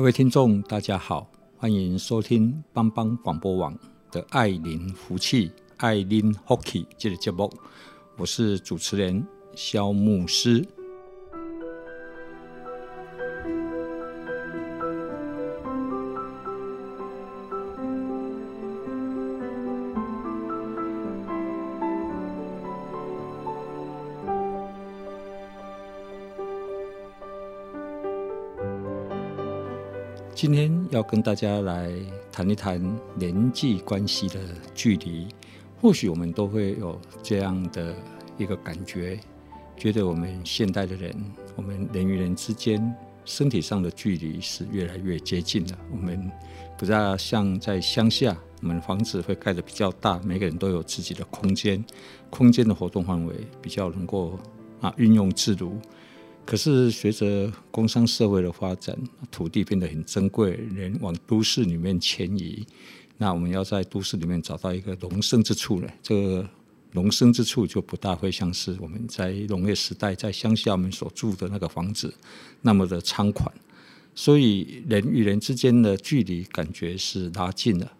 各位聽眾，大家好，歡迎收聽幫幫廣播網的愛鄰福氣，愛鄰福氣這個節目，我是主持人蕭牧師。今天要跟大家來談一談人際關係的距離。或許我們都會有這樣的一個感覺，覺得我們現代的人，我們人與人之間身體上的距離是越來越接近了。我們不再像在鄉下，我們房子會蓋得比較大，每個人都有自己的空間，空間的活動範圍比較能夠啊運用自如。可是，隨着工商社會的發展，土地變得很珍貴，人往都市裡面遷移。那我們要在都市裡面找到一個容身之處呢？這個容身之處就不大會像是我們在農業時代在鄉下我們所住的那個房子那麼的倉款。所以，人與人之間的距離感覺是拉近了，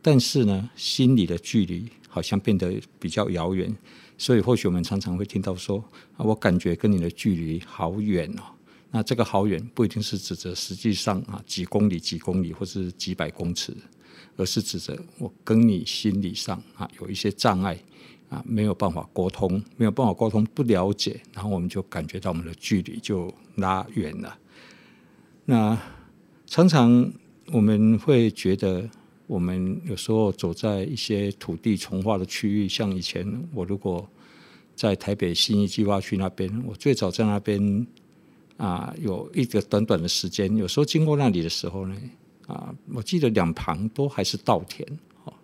但是呢，心裡的距離好像變得比較遙遠。所以，或許我們常常會聽到說：“我感覺跟你的距離好遠哦。”那這個“好遠”不一定是指着實際上啊幾公里、幾公里，或是幾百公尺，而是指着我跟你心理上啊有一些障礙啊，沒有辦法溝通，沒有辦法溝通，不了解，然後我們就感覺到我們的距離就拉遠了。那常常我們會覺得。我們有時候走在一些土地重劃的區域，像以前我如果在台北信義計劃區那邊，我最早在那邊啊有一個短短的時間，有時候經過那裡的時候呢，啊，我記得兩旁都還是稻田哦。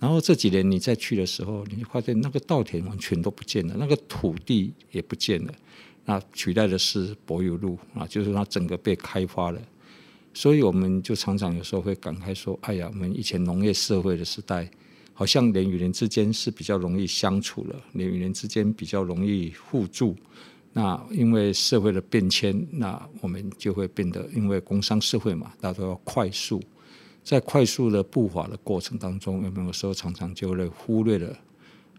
然後這幾年你再去的時候，你會發現那個稻田完全都不見了，那個土地也不見了，那取代的是柏油路啊，就是它整個被開發了。所以我們就常常有時候會感慨說：“哎呀，我們以前農業社會的時代，好像人與人之間是比較容易相處了，人與人之間比較容易互助。那因為社會的變遷，那我們就會變得因為工商社會嘛，大家都要快速，在快速的步伐的過程當中，我們有時候常常就會忽略了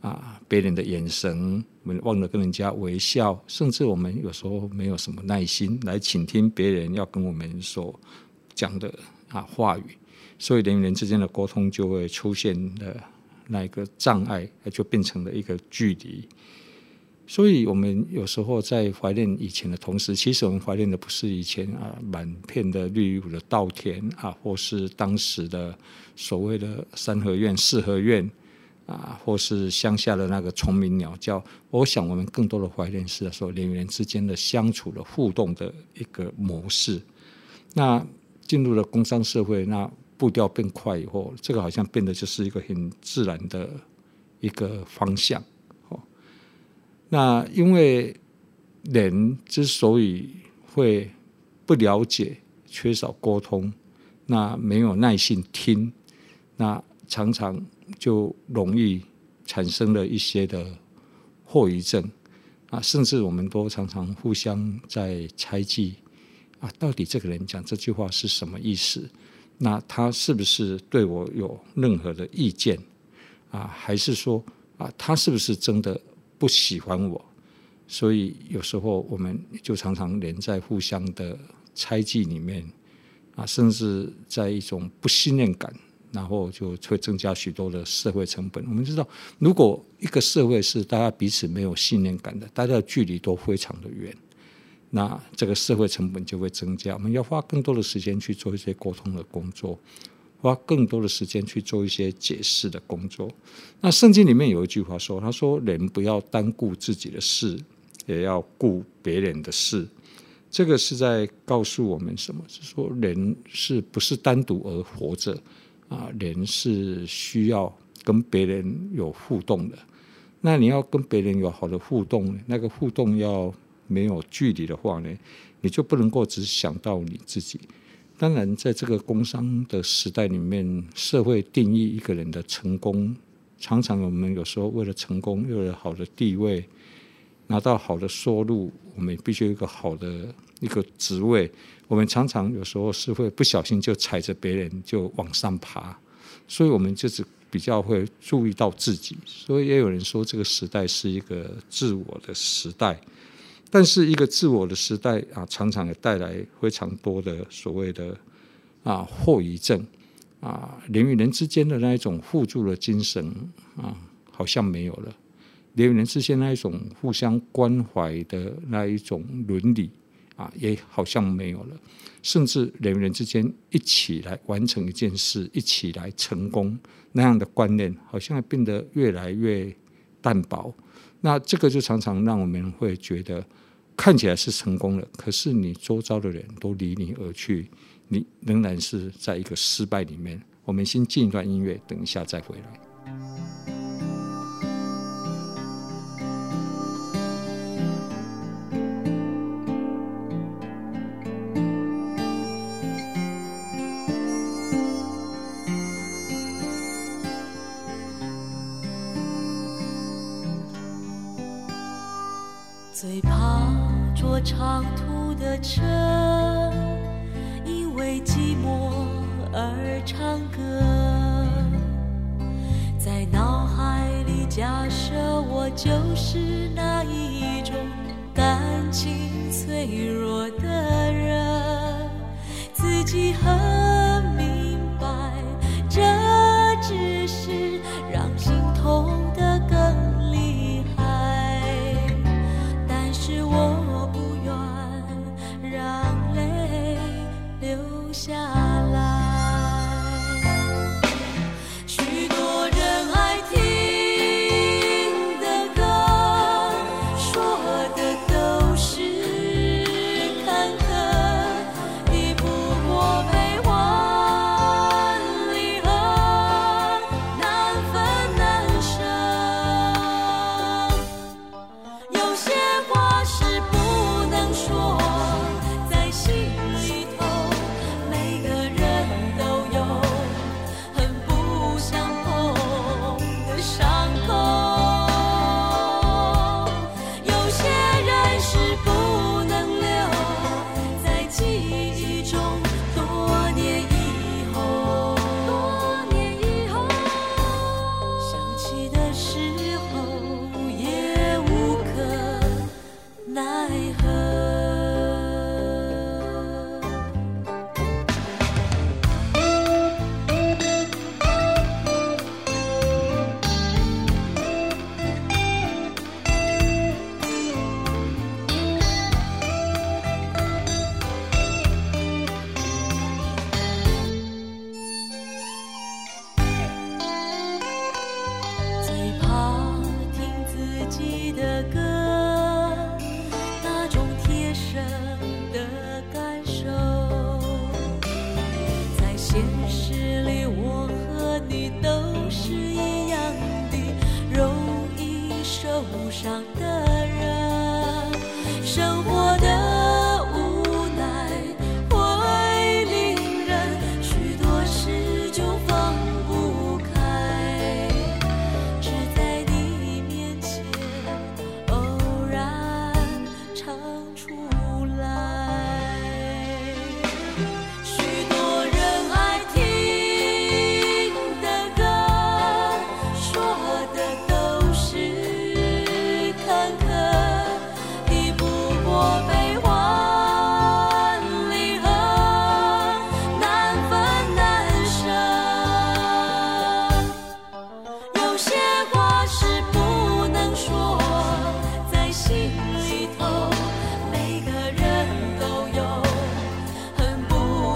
啊，別人的眼神，我們忘了跟人家微笑，甚至我們有時候沒有什麼耐心來傾聽別人要跟我們說。”講的啊話語，所以人與人之間的溝通就會出現的那一個障礙，就變成了一個距離。所以，我們有時候在懷念以前的同時，其實我們懷念的不是以前啊滿片的綠油油的稻田啊，或是當時的所謂的三合院、四合院啊，或是鄉下的那個蟲鳴鳥叫。我想，我們更多的懷念是說人與人之間的相處的互動的一個模式。那，進入了工商社會，那步調變快以後，這個好像變得就是一個很自然的一個方向。那因為人之所以會不了解、缺少溝通，那沒有耐心聽，那常常就容易產生了一些的後遺症啊，那甚至我們都常常互相在猜忌。啊，到底這個人講這句話是什麼意思？那他是不是對我有任何的意見？啊，還是說啊，他是不是真的不喜歡我？所以有時候我們就常常連在互相的猜忌裡面，啊，甚至在一種不信任感，然後就會增加許多的社會成本。我們知道，如果一個社會是大家彼此沒有信任感的，大家的距離都非常的遠。那這個社會成本就會增加，我們要花更多的時間去做一些溝通的工作，花更多的時間去做一些解釋的工作。那聖經裡面有一句話說：“他說人不要單顧自己的事，也要顧別人的事。”這個是在告訴我們什麼？是說人是不是單獨而活着啊、呃？人是需要跟別人有互動的。那你要跟別人有好的互動，那個互動要。沒有距離的話呢，你就不能夠只想到你自己。當然，在這個工商的時代裡面，社會定義一個人的成功，常常我們有時候為了成功，又有好的地位，拿到好的收入，我們必須有一個好的一個職位。我們常常有時候是會不小心就踩着別人就往上爬，所以我們就是比較會注意到自己。所以也有人說，這個時代是一個自我的時代。但是一個自我的時代啊，常常也帶來非常多的所謂的啊後遺症啊，人與人之間的那一種互助的精神啊，好像沒有了；人與人之間那一種互相關懷的那一種倫理啊，也好像沒有了；甚至人與人之間一起來完成一件事，一起來成功那樣的觀念，好像變得越來越淡薄。那這個就常常讓我們會覺得，看起來是成功了，可是你周遭的人都離你而去，你仍然是在一個失敗裡面。我們先進一段音樂，等一下再回來。最怕坐長途的車，因為寂寞而長。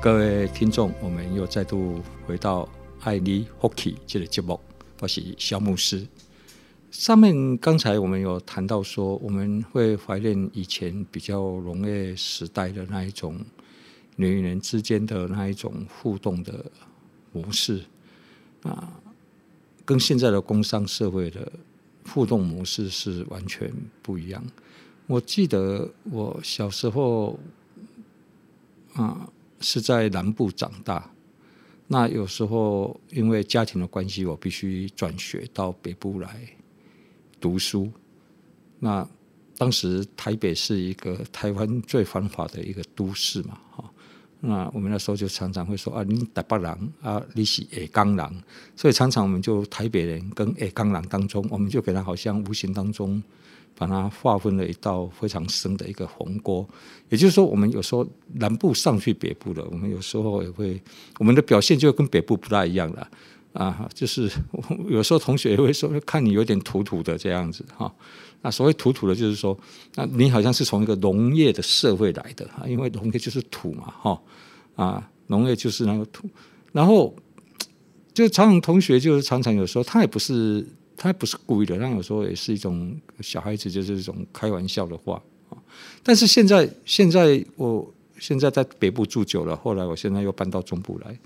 各位聽眾，我們又再度回到《愛鄰福氣》這個節目，我是蕭牧師。上面剛才我們有談到說，我們會懷念以前比較農業時代的那一種人與人之間的那一種互動的模式啊，跟現在的工商社會的互動模式是完全不一樣。我記得我小時候啊。是在南部長大，那有時候因為家庭的關係，我必須轉學到北部來讀書。那當時台北是一個台灣最繁華的一個都市嘛，那我們那時候就常常會說啊，你台北人啊，你是下港人，所以常常我們就台北人跟下港人當中，我們就給他好像無形當中。把它劃分了一道非常深的一個鴻溝。也就是說，我們有時候南部上去北部了，我們有時候也會我們的表現就跟北部不太一樣了啊，就是有時候同學也會說看你有點土土的這樣子哈。那所謂土土的，就是說，那你好像是從一個農業的社會來的，因為農業就是土嘛哈啊，農業就是那個土，然後就常常同學就常常有時候他也不是。他不是故意的，那有時候也是一種小孩子就是一種開玩笑的話。但是現在，現在我現在在北部住久了，後來我現在又搬到中部來。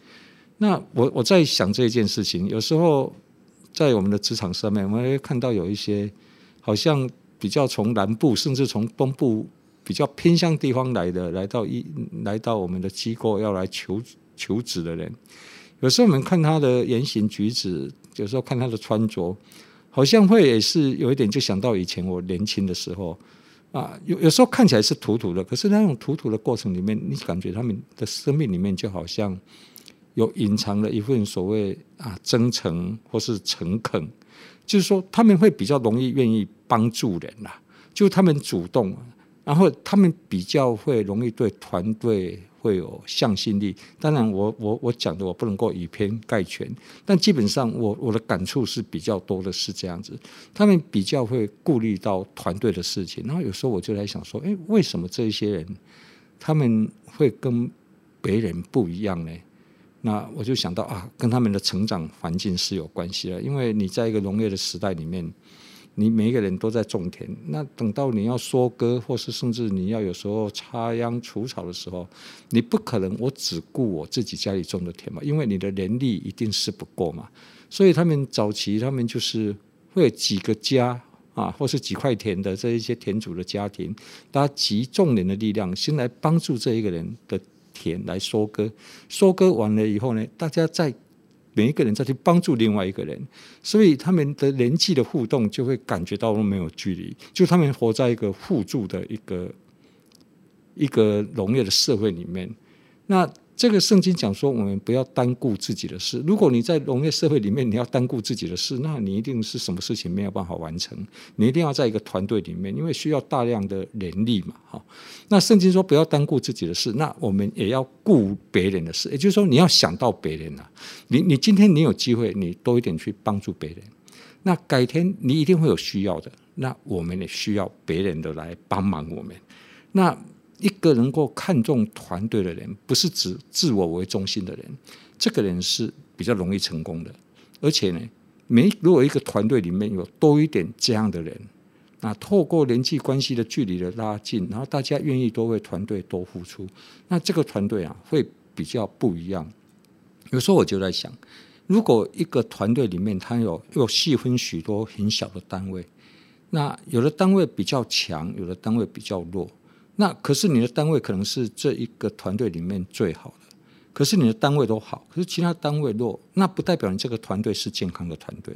那我我在想這一件事情，有時候在我們的職場上面，我們會看到有一些好像比較從南部，甚至從東部比較偏向地方來的，來到一來到我們的機構要來求求職的人。有時候我們看他的言行舉止，有時候看他的穿着，好像會也是有一點就想到以前我年輕的時候啊。有有時候看起來是土土的，可是那種土土的過程裡面，你感覺他們的生命裡面就好像有隱藏了一份所謂啊真誠或是誠懇，就是說他們會比較容易願意幫助人啦、啊，就他們主動。然後他們比較會容易對團隊會有向心力，當然我我我講的我不能夠以偏概全，但基本上我我的感觸是比較多的是這樣子，他們比較會顧慮到團隊的事情，然後有時候我就在想說，哎，為什麼這一些人他們會跟別人不一樣呢？那我就想到啊，跟他們的成長環境是有關係的，因為你在一個農業的時代裡面。你每一個人都在種田，那等到你要收割，或是甚至你要有時候插秧除草的時候，你不可能我只顧我自己家裡種的田嘛，因為你的人力一定是不夠嘛。所以他們早期，他們就是會有幾個家啊，或是幾塊田的這一些田主的家庭，大家集眾人的力量，先來幫助這一個人的田來收割。收割完了以後呢，大家再。每一個人再去幫助另外一個人，所以他們的人際的互動就會感覺到沒有距離，就他們活在一個互助的一個一個農業的社會裡面。那這個聖經講說，我們不要單顧自己的事。如果你在農業社會裡面，你要單顧自己的事，那你一定是什麼事情沒有辦法完成。你一定要在一個團隊裡面，因為需要大量的人力嘛，哈。那聖經說不要單顧自己的事，那我們也要顧別人的事。也就是說，你要想到別人啊，你你今天你有機會，你多一點去幫助別人。那改天你一定會有需要的，那我們也需要別人的來幫忙我們。那。一個能夠看重團隊的人，不是指自我為中心的人。這個人是比較容易成功的，而且呢，每如果一個團隊裡面有多一點這樣的人，那透過人際關係的距離的拉近，然後大家願意多為團隊多付出，那這個團隊啊會比較不一樣。有時候我就在想，如果一個團隊裡面他有又細分許多很小的單位，那有的單位比較強，有的單位比較弱。那可是你的單位可能是這一個團隊裡面最好的，可是你的單位都好，可是其他單位弱，那不代表你這個團隊是健康的團隊。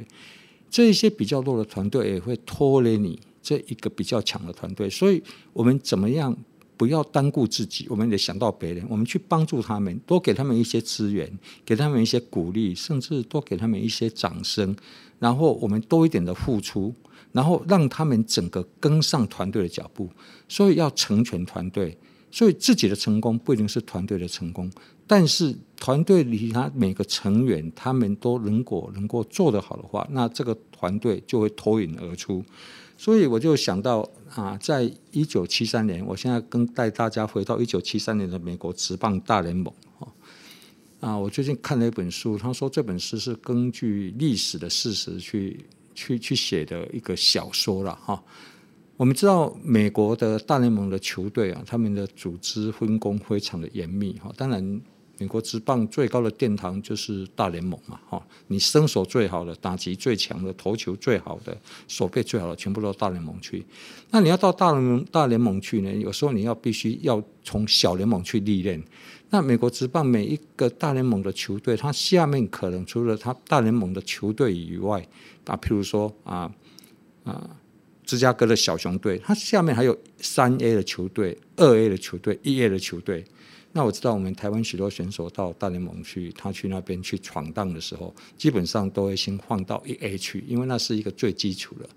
這一些比較弱的團隊也會拖累你這一個比較強的團隊，所以我們怎麼樣？不要單顧自己，我們得想到別人，我們去幫助他們，多給他們一些資源，給他們一些鼓勵，甚至多給他們一些掌聲，然後我們多一點的付出，然後讓他們整個跟上團隊的腳步。所以要成全團隊，所以自己的成功不一定是團隊的成功，但是團隊裡他每個成員他們都如果能夠做得好的話，那這個團隊就會脫穎而出。所以我就想到啊，在一九七三年，我現在跟帶大家回到一九七三年的美國職棒大聯盟啊，我最近看了一本書，他說這本書是根據歷史的事實去去去寫的一個小說了哈。我們知道美國的大聯盟的球隊啊，他們的組織分工非常的嚴密哈，當然。美國職棒最高的殿堂就是大聯盟嘛，哦，你身手最好的、打擊最強的、投球最好的、守備最好的，全部到大聯盟去。那你要到大聯盟大聯盟去呢？有時候你要必須要從小聯盟去歷練。那美國職棒每一個大聯盟的球隊，它下面可能除了它大聯盟的球隊以外，啊，譬如說啊啊，芝加哥的小熊隊，它下面還有三 A 的球隊、二 A 的球隊、一 A 的球隊。那我知道，我們台灣許多選手到大聯盟去，他去那邊去闖蕩的時候，基本上都會先放到一 A 去。因為那是一個最基礎的。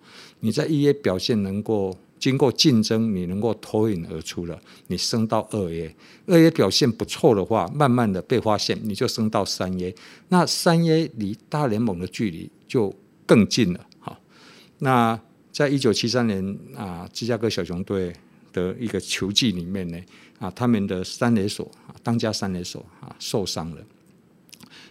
你在一 A 表現能夠經過競爭，你能夠脫穎而出了，你升到二 A。二 A 表現不錯的話，慢慢的被發現，你就升到三 A。那三 A 離大聯盟的距離就更近了。好，那在一九七三年啊，芝加哥小熊隊的一個球季裡面呢。啊，他們的三壘手啊，當家三壘手啊受傷了，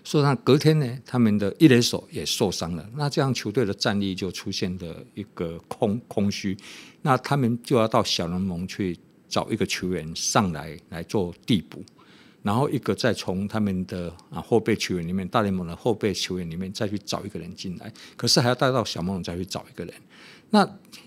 受傷隔天呢，他們的一壘手也受傷了，那這樣球隊的戰力就出現了一個空空虛，那他們就要到小聯盟去找一個球員上來來做替補。然後一個再從他們的啊後備球員裡面，大聯盟的後備球員裡面再去找一個人進來，可是還要帶到小聯盟再去找一個人。那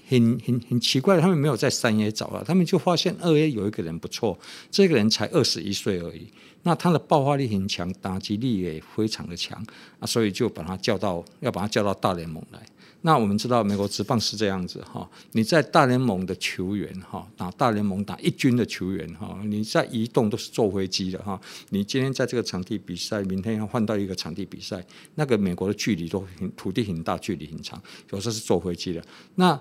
很很很奇怪，他們沒有在三 A 找了，他們就發現二 A 有一個人不錯，這個人才二十一歲而已，那他的爆發力很強，打擊力也非常的強啊，所以就把他叫到，要把他叫到大聯盟來。那我們知道美國職棒是這樣子哈，你在大聯盟的球員哈，打大聯盟打一軍的球員哈，你在移動都是坐飛機的哈。你今天在這個場地比賽，明天要換到一個場地比賽，那個美國的距離都很土地很大，距離很長，有時候是坐飛機的。那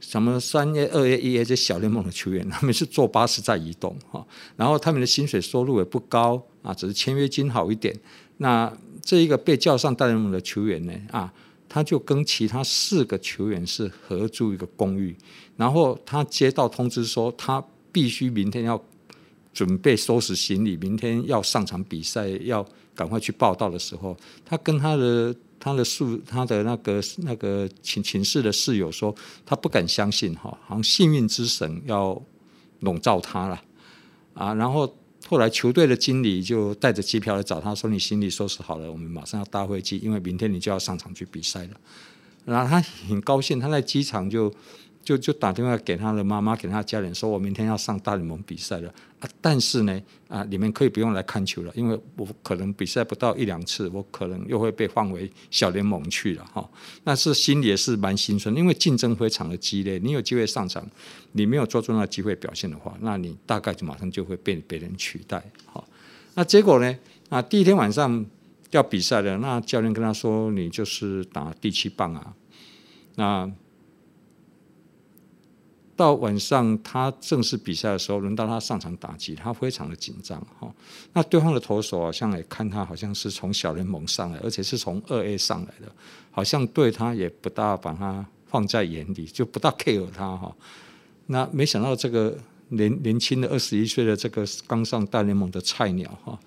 什麼三 A、二 A、一 A 這小聯盟的球員，他們是坐巴士在移動哈，然後他們的薪水收入也不高啊，只是簽約金好一點。那這一個被叫上大聯盟的球員呢啊？他就跟其他四個球員是合租一個公寓，然後他接到通知說，他必須明天要準備收拾行李，明天要上場比賽，要趕快去報到的時候，他跟他的他的宿他的那個那個寢寢室的室友說，他不敢相信哈，好像幸運之神要籠罩他了啊，然後。後來球隊的經理就帶着機票來找他，說：“你行李收拾好了，我們馬上要搭飛機，因為明天你就要上場去比賽了。”然後他很高興，他在機場就。就就打電話給他的媽媽，給他家人說：“我明天要上大聯盟比賽了。”啊，但是呢，啊，你們可以不用來看球了，因為我可能比賽不到一兩次，我可能又會被換回小聯盟去了哈。那是心裡也是蠻心酸，因為競爭非常的激烈。你有機會上場，你沒有抓住那個機會表現的話，那你大概就馬上就會被別人取代。哈，那結果呢？啊，第一天晚上要比賽了，那教練跟他說：“你就是打第七棒啊。”那。到晚上，他正式比賽的時候，輪到他上場打擊，他非常的緊張哈。那對方的投手啊，上來看他，好像是從小聯盟上來，而且是從二 A 上來的，好像對他也不大把他放在眼裡，就不大 care 他哈。那沒想到這個年年輕的二十一歲的這個剛上大聯盟的菜鳥哈，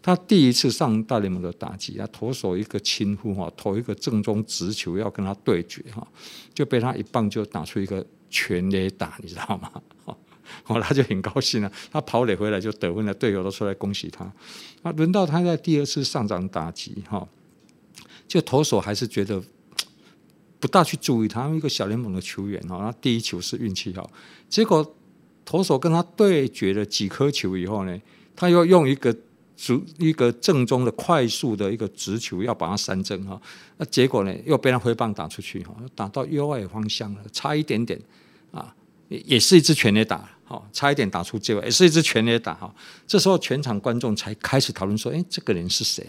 他第一次上大聯盟的打擊啊，投手一個輕忽哈，投一個正中直球要跟他對決哈，就被他一棒就打出一個，全壘打，你知道嗎？哈、哦，他就很高興了。他跑壘回來就得分了，隊友都出來恭喜他。啊，輪到他在第二次上場打擊，哈、哦，就投手還是覺得不大去注意他。一個小聯盟的球員哦，那第一球是運氣好，結果投手跟他對決了幾顆球以後呢，他又用一個足，一個正宗的快速的一個直球要把他三振啊。那結果呢，又被他揮棒打出去，哈、哦，打到右外方向了，差一點點。啊，也也是一支全壘打，哈，差一點打出界外，也是一支全壘打，哈。這時候全場觀眾才開始討論說，哎，這個人是誰？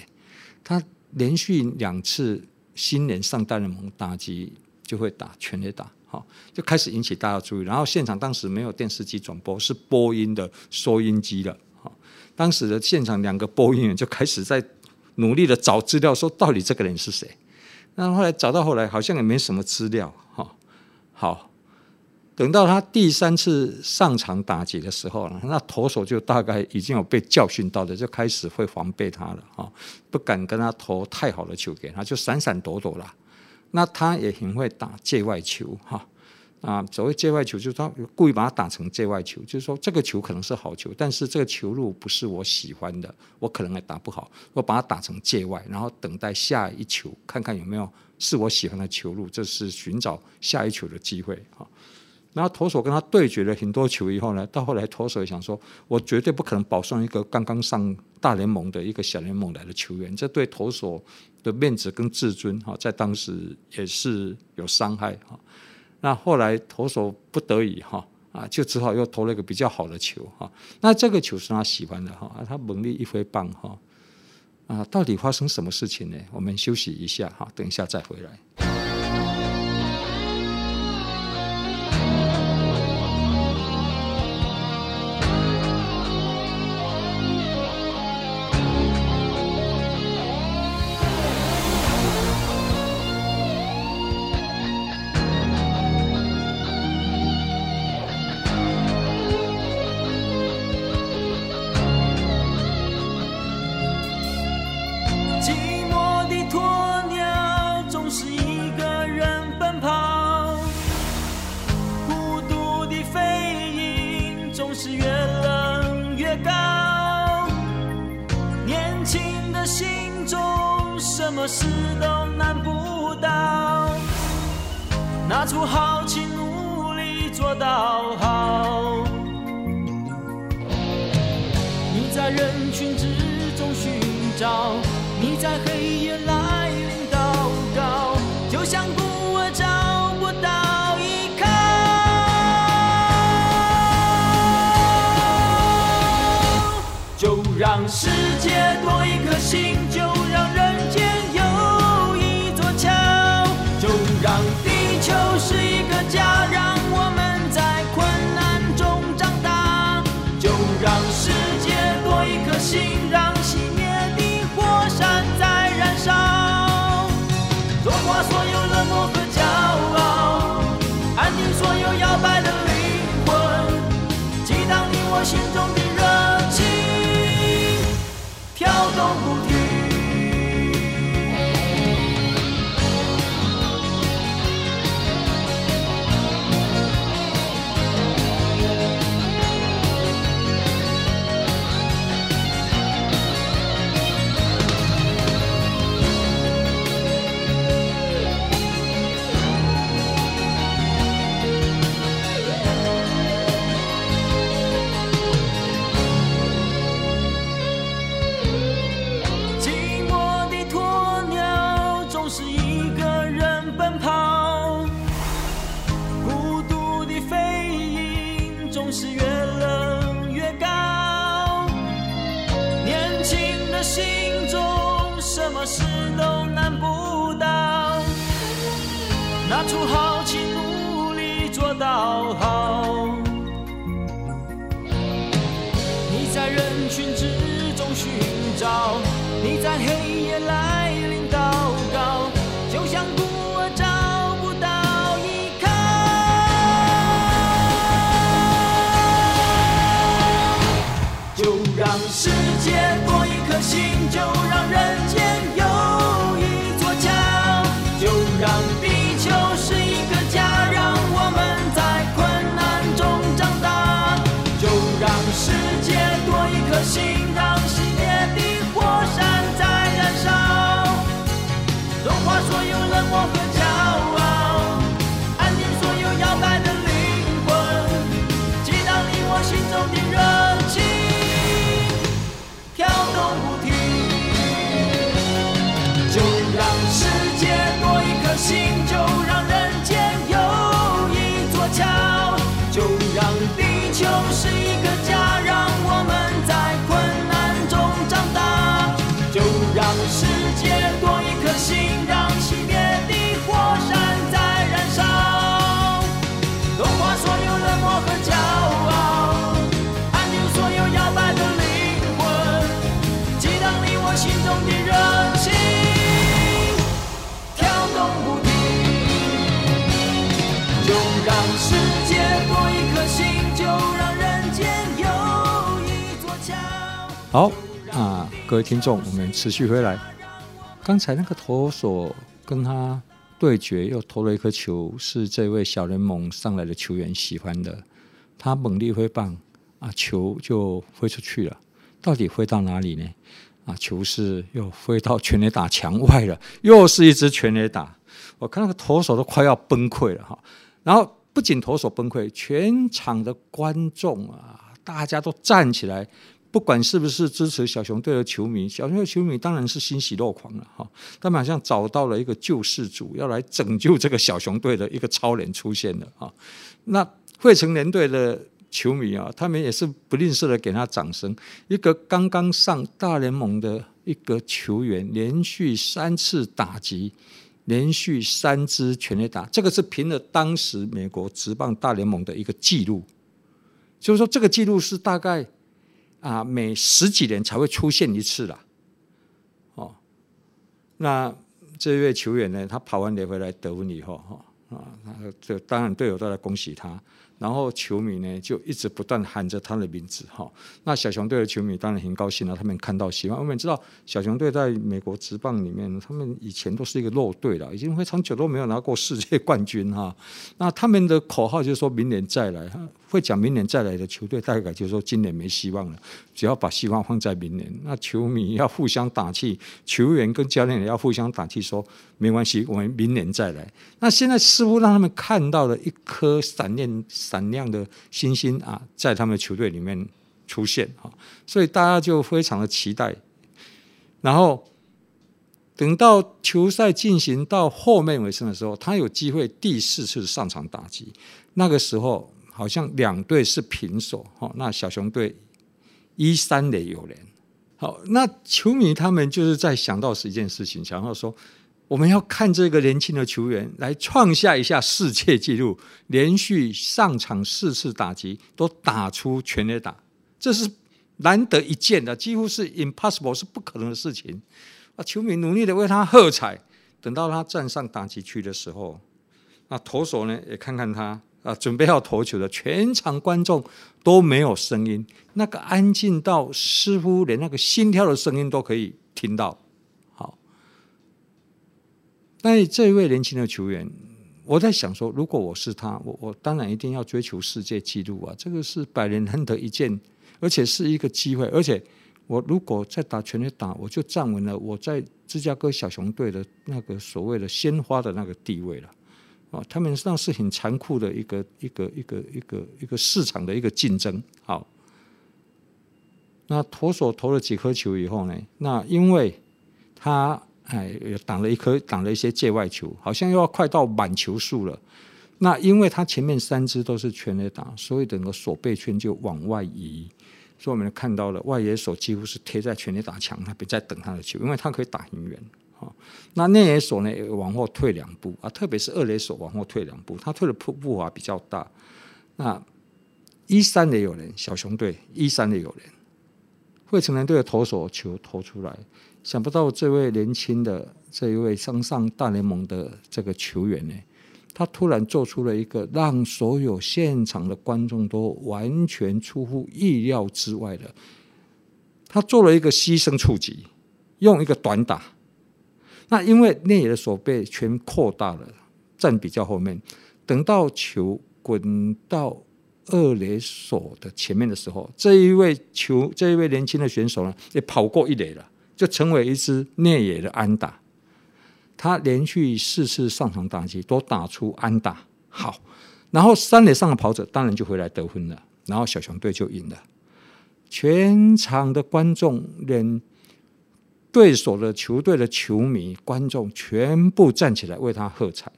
他連續兩次新年上單人猛打擊就會打全壘打，哈，就開始引起大家注意。然後現場當時沒有電視機轉播，是播音的收音機的，哈。當時的現場兩個播音員就開始在努力的找資料，說到底這個人是誰？那後來找到後來好像也沒什麼資料，哈，好。等到他第三次上場打擊的時候，那投手就大概已經有被教訓到了，就開始會防備他了，不敢跟他投太好的球給他，就閃閃躲躲啦。那他也很會打界外球哈啊，所謂界外球，就是他故意把他打成界外球，就是說這個球可能是好球，但是這個球路不是我喜歡的，我可能也打不好，我把它打成界外，然後等待下一球，看看有沒有是我喜歡的球路，這是尋找下一球的機會。那投手跟他對決了很多球以後呢，到後來投手也想說，我絕對不可能保送一個剛剛上大聯盟的一個小聯盟來的球員，這對投手的面子跟自尊哈，在當時也是有傷害哈。那後來投手不得已哈啊，就只好又投了一個比較好的球哈。那這個球是他喜歡的哈，他猛力一揮棒哈啊，到底發生什麼事情呢？我們休息一下哈，等一下再回來。心中什麼事都難不倒，拿出豪氣，努力做到好。你在人群之中尋找，你在黑夜來。好啊，各位聽眾，我們持續回來。剛才那個投手跟他對決，又投了一顆球，是這位小聯盟上來的球員喜歡的。他猛力揮棒啊，球就飛出去了。到底飛到哪裡呢？啊，球是又飛到全壘打牆外了，又是一支全壘打。我看那個投手都快要崩潰了哈。然後不僅投手崩潰，全場的觀眾啊，大家都站起來。不管是不是支持小熊隊的球迷，小熊隊球迷當然是欣喜若狂了哈。他們好像找到了一個救世主要來拯救這個小熊隊的一個超人出現了哈，那費城聯隊的球迷啊，他們也是不吝嗇的給他掌聲。一個剛剛上大聯盟的一個球員，連續三次打擊，連續三支全壘打，這個是平了當時美國職棒大聯盟的一個記錄。就是說，這個記錄是大概。啊，每十幾年才會出現一次啦，哦，那這位球員呢，他跑完腿回來得分以後，哈、哦、啊，這當然隊友都在恭喜他。然後球迷呢，就一直不斷喊着他的名字哈。那小熊隊的球迷當然很高興了啊，他們看到希望。我們知道小熊隊在美國職棒裡面，他們以前都是一個弱隊了，已經非常久都沒有拿過世界冠軍哈啊。那他們的口號就是說明年再來，會講明年再來的球隊大概就是說今年沒希望了，只要把希望放在明年。那球迷要互相打氣，球員跟教練也要互相打氣說。沒關係，我們明年再來。那現在似乎讓他們看到了一顆閃亮、閃亮的星星啊，在他們球隊裡面出現，所以大家就非常的期待。然後等到球賽進行到後面尾聲的時候，他有機會第四次上場打擊。那個時候好像兩隊是平手，哈，那小熊隊一三壘有人。好，那球迷他們就是在想到一件事情，想到說。我們要看這個年輕的球員來創下一下世界紀錄，連續上場四次打擊都打出全壘打，這是難得一見的，幾乎是 impossible，是不可能的事情。啊，球迷努力的為他喝彩。等到他站上打擊區的時候，那投手呢也看看他啊，準備要投球了，全場觀眾都沒有聲音，那個安靜到似乎連那個心跳的聲音都可以聽到。那這一位年輕的球員，我在想說，如果我是他，我我當然一定要追求世界紀錄啊！這個是百年難得一見，而且是一個機會。而且我如果在打全壘打，我就站穩了我在芝加哥小熊隊的那個所謂的「鮮花」的那個地位了。啊。他們實際上是很殘酷的一個一個，一個一個一個一個一個市場的一個競爭。好，那投手投了幾顆球以後呢？那因為他。哎，擋了一顆，擋了一些界外球，好像又要快到滿球數了。那因為他前面三支都是全壘打，所以整個守備圈就往外移。所以我們看到了外野手幾乎是貼在全壘打牆那邊，在等他的球，因為他可以打很遠啊、哦。那內野手呢，往後退兩步啊，特別是二壘手往後退兩步，他退的步步伐比較大。那一三壘有人，小熊隊一三壘有人，費城人隊的投手球投出來。想不到這位年輕的這一位登上，上大聯盟的這個球員呢，他突然做出了一個讓所有現場的觀眾都完全出乎意料之外的，他做了一個犧牲觸擊，用一個短打。那因為內野的守備全擴大了，站比較後面，等到球滾到二壘手的前面的時候，這一位球這一位年輕的選手呢，也跑過一壘了。就成為一支內野的安打，他連續四次上場打擊都打出安打，好，然後三壘上的跑者當然就回來得分了，然後小熊隊就贏了。全場的觀眾，連對手的球隊的球迷觀眾全部站起來為他喝彩。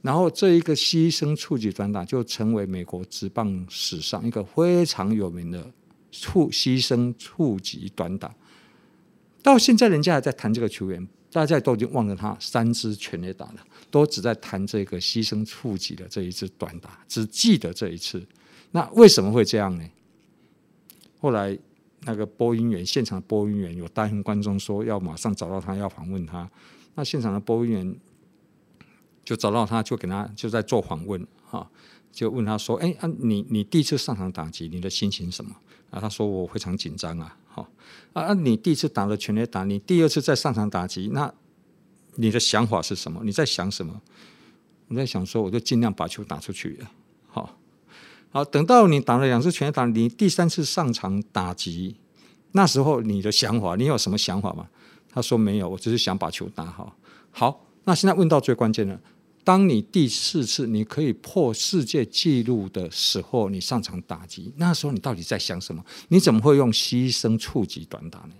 然後這一個犧牲觸擊短打就成為美國職棒史上一個非常有名的促犧牲觸擊短打。到現在，人家還在談這個球員，大家都已經忘了他三支全壘打了，都只在談這個犧牲觸擊的這一支短打，只記得這一次。那為什麼會這樣呢？後來那個播音員，現場的播音員有答應觀眾說要馬上找到他，要訪問他。那現場的播音員就找到他，就給他就在做訪問啊、哦，就問他說：“哎、欸、啊你，你你第一次上場打擊，你的心情什麼？”啊，他說：“我非常緊張啊。”好，啊，你第一次打了全壘打，你第二次再上場打擊，那你的想法是什麼？你在想什麼？你在想說，我就盡量把球打出去。好，好，等到你打了兩次全壘打，你第三次上場打擊，那時候你的想法，你有什麼想法嗎？他說沒有，我只是想把球打好。好，那現在問到最關鍵的。當你第四次你可以破世界紀錄的時候，你上場打擊，那時候你到底在想什麼？你怎麼會用犧牲觸擊短打呢？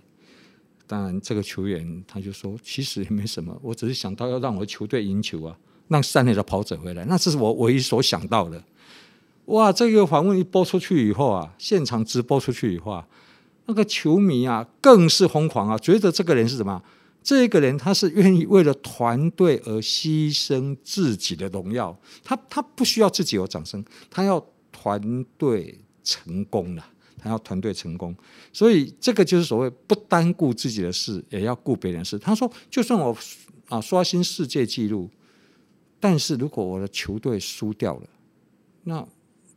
當然，這個球員他就說，其實也沒什麼，我只是想到要讓我的球隊贏球啊，讓三壘的跑者回來，那這是我唯一所想到的。哇，這個訪問一播出去以後啊，現場直播出去以後啊，那個球迷啊，更是瘋狂啊，覺得這個人是什麼？這個人他是願意為了團隊而犧牲自己的榮耀他，他他不需要自己有掌聲，他要團隊成功了，他要團隊成功，所以這個就是所謂不單顧自己的事，也要顧別人的事。他說，就算我啊刷新世界紀錄，但是如果我的球隊輸掉了，那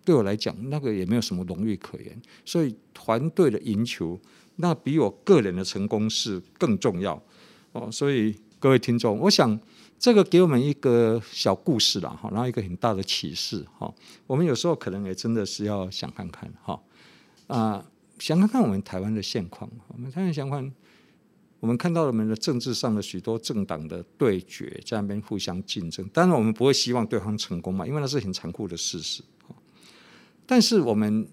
對我來講那個也沒有什麼榮譽可言。所以團隊的贏球，那比我個人的成功是更重要。哦，所以各位聽眾，我想這個給我們一個小故事了哈，然後一個很大的啟示哈。我們有時候可能也真的是要想看看哈啊、呃，想看看我們台灣的現況。我們台灣的現況，我們看到了我們的政治上的許多政黨的對決，在那邊互相競爭。當然，我們不會希望對方成功嘛，因為那是很殘酷的事實。但是，我們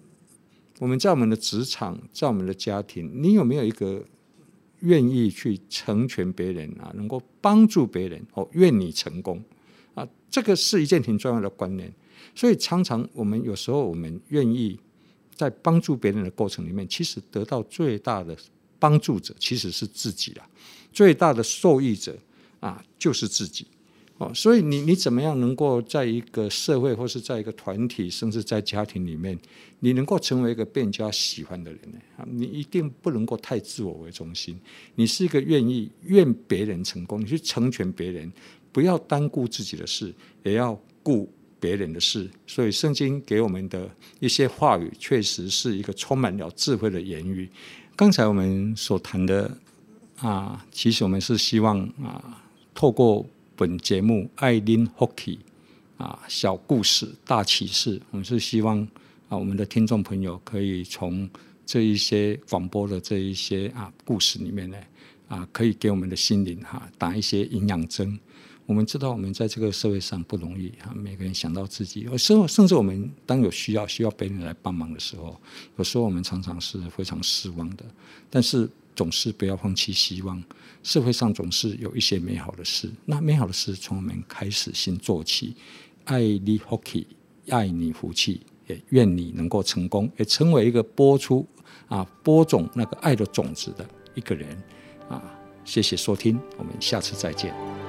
我們在我們的職場，在我們的家庭，你有沒有一個？願意去成全別人啊，能夠幫助別人哦，願你成功啊，這個是一件挺重要的觀念。所以，常常我們有時候我們願意在幫助別人的過程裡面，其實得到最大的幫助者其實是自己啦，最大的受益者啊就是自己。哦，所以你你怎麼樣能夠在一個社會或是在一個團體，甚至在家庭裡面，你能夠成為一個被人家喜歡的人呢？你一定不能夠太自我為中心。你是一個願意願別人成功，你去成全別人，不要單顧自己的事，也要顧別人的事。所以聖經給我們的一些話語，確實是一個充滿了智慧的言語。剛才我們所談的啊，其實我們是希望啊，透過。本節目《愛鄰福氣》啊，小故事大啟示。我們是希望啊，我們的聽眾朋友可以從這一些廣播的這一些啊故事裡面呢啊，可以給我們的心靈哈、啊、打一些營養針。我們知道，我們在這個社會上不容易哈、啊，每個人想到自己，有時候甚至我們當有需要需要別人來幫忙的時候，有時候我們常常是非常失望的。但是，總是不要放棄希望。社會上總是有一些美好的事，那美好的事從我們開始先做起。愛鄰福氣，愛鄰福氣，也願你能夠成功，也成為一個播出啊，播種那個愛的種子的一個人啊。謝謝收聽，我們下次再見。